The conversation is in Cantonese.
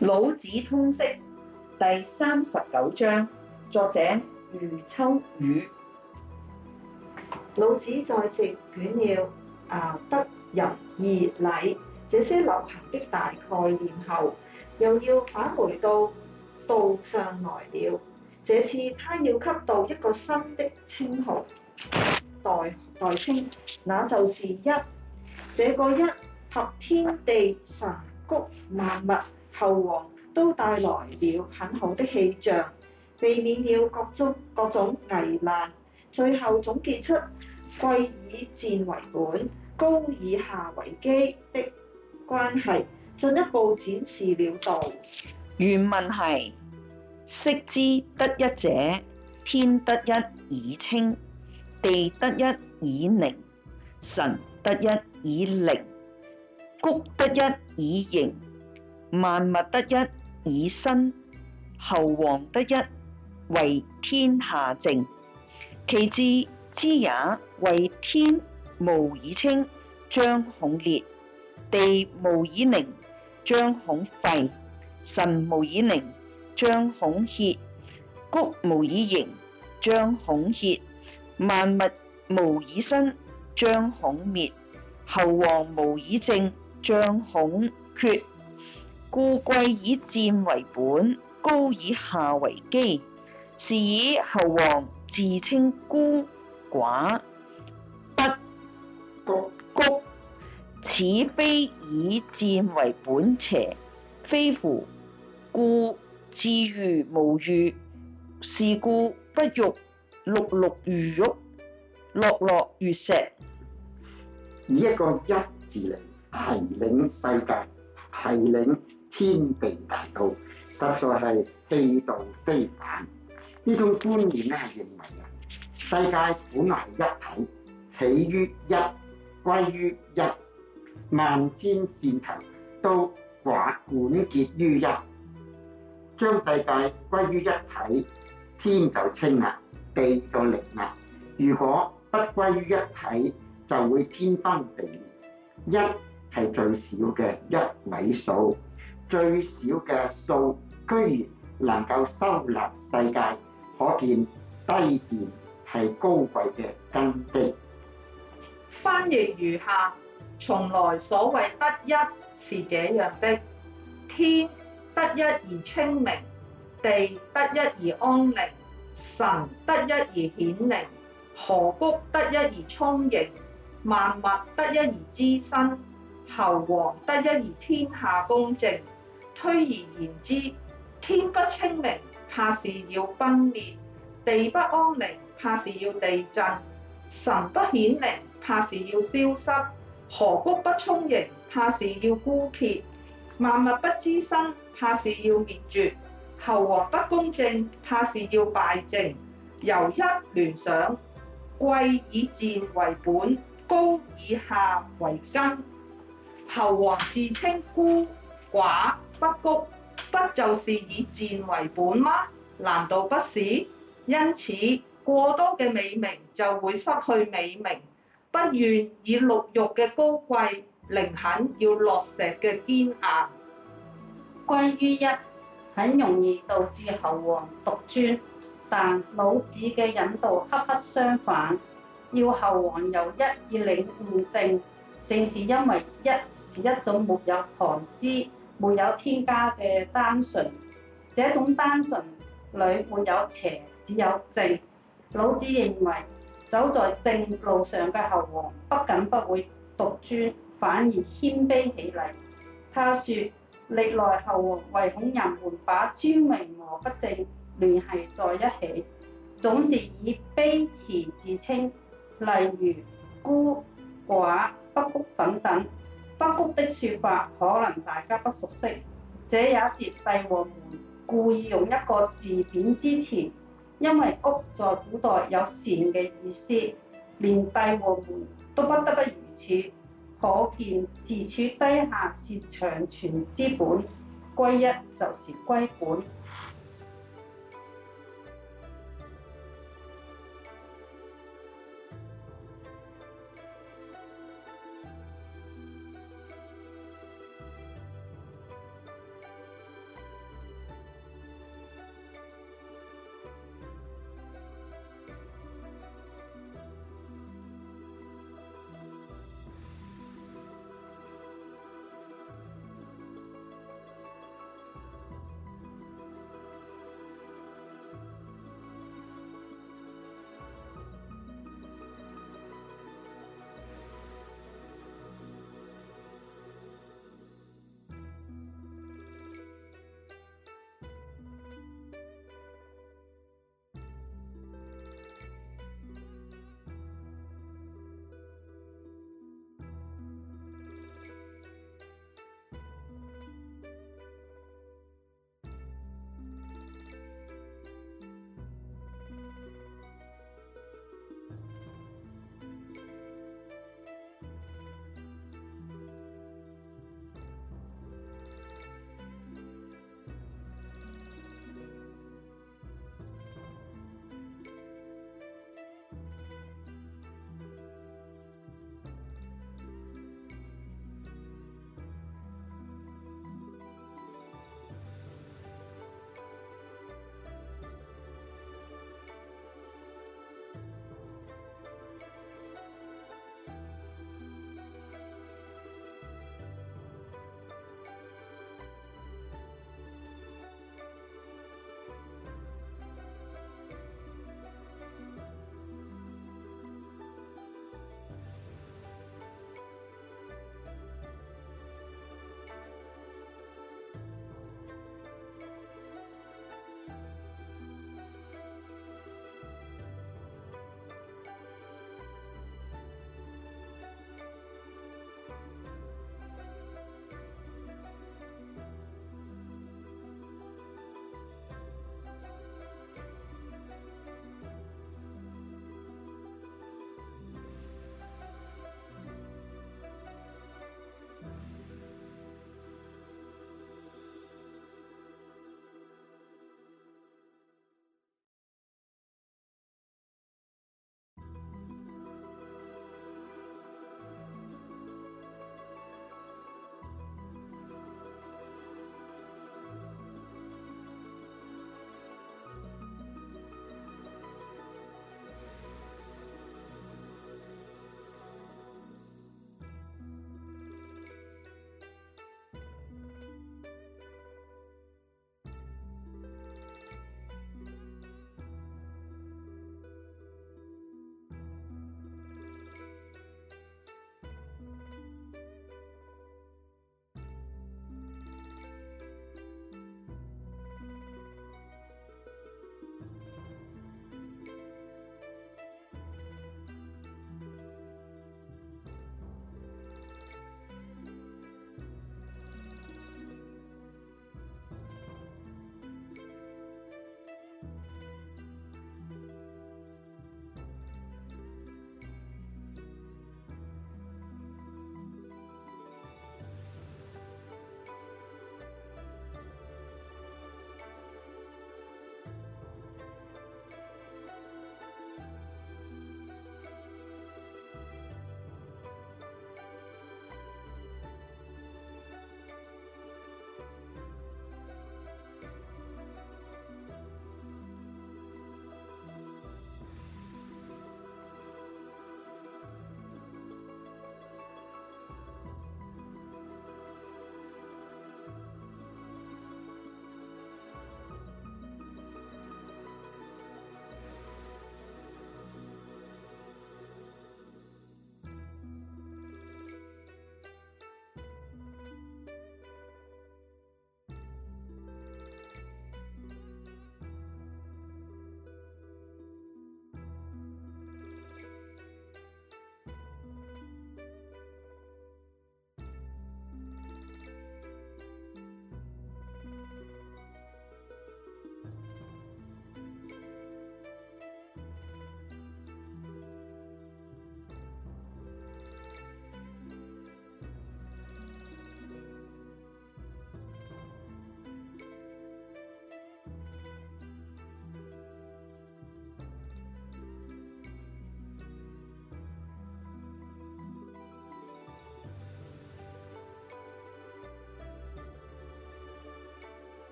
《老子通釋》第三十九章，作者余秋雨。老子在席捲了啊，德仁義禮這些流行的大概念後，又要返回到道上來了。這次他要給到一個新的稱號，代代稱，那就是一。這個一合天地神谷萬物。后王都帶來了很好的氣象，避免了各種各種危難。最後總結出貴以賤為本，高以下為基的關係，進一步展示了道。原文係：昔之得一者，天得一以清，地得一以寧，神得一以靈，谷得一以盈。萬物得一以生，侯王得一為天下正。其治之也，為天無以清，將恐裂；地無以寧，將恐廢；神無以靈，將恐歇；谷無以盈，將恐竭；萬物無以生，將恐滅；侯王無以正，將恐蹶。故貴以賤為本，高以下為基。是以侯王自稱孤寡不谷，谷，此非以賤為本邪？非乎？故自愚無譽，是故不欲碌碌如玉，落落如石。以一個一字嚟提領世界，提領。天地大道實在係氣道非凡，呢種觀念咧，係認為世界本為一體，起於一，歸於一，萬千線頭都寡管結於一，將世界歸於一體，天就清啊，地就寧啊。如果不歸於一體，就會天崩地裂。一係最少嘅一米數。最少嘅數，居然能夠收納世界，可見低賤係高貴嘅根基。翻譯如下：從來所謂得一是這樣的，天得一而清明，地得一而安寧，神得一而顯靈，河谷得一而充盈，萬物得一而滋生，侯王得一而天下公正。推而言之，天不清明，怕是要崩滅；地不安寧，怕是要地震；神不顯靈，怕是要消失；河谷不充盈，怕是要枯竭；萬物不滋生，怕是要滅絕；侯王不公正，怕是要敗政。由一聯想，貴以賤為本，高以下為真。侯王自稱孤寡。不谷，不就是以賤為本嗎？難道不是？因此，過多嘅美名就會失去美名。不願以陸玉嘅高貴，寧肯要落石嘅堅硬。關於一，很容易導致後王獨尊，但老子嘅引導恰恰相反。要後王有一而領悟正，正是因為一是一種沒有旁枝。沒有添加嘅單純，這種單純裏沒有邪，只有正。老子認為，走在正路上嘅侯王不僅不會獨尊，反而謙卑起嚟。他說，歷來侯王唯恐人們把尊名和不正聯繫在一起，總是以卑辭自稱，例如孤、寡、不穀等等。不穀的說法可能大家不熟悉，這也是帝王們故意用一個自貶之詞，因為“谷”在古代有善嘅意思，連帝王們都不得不如此，可見自處低下是長存之本，歸一就是歸本。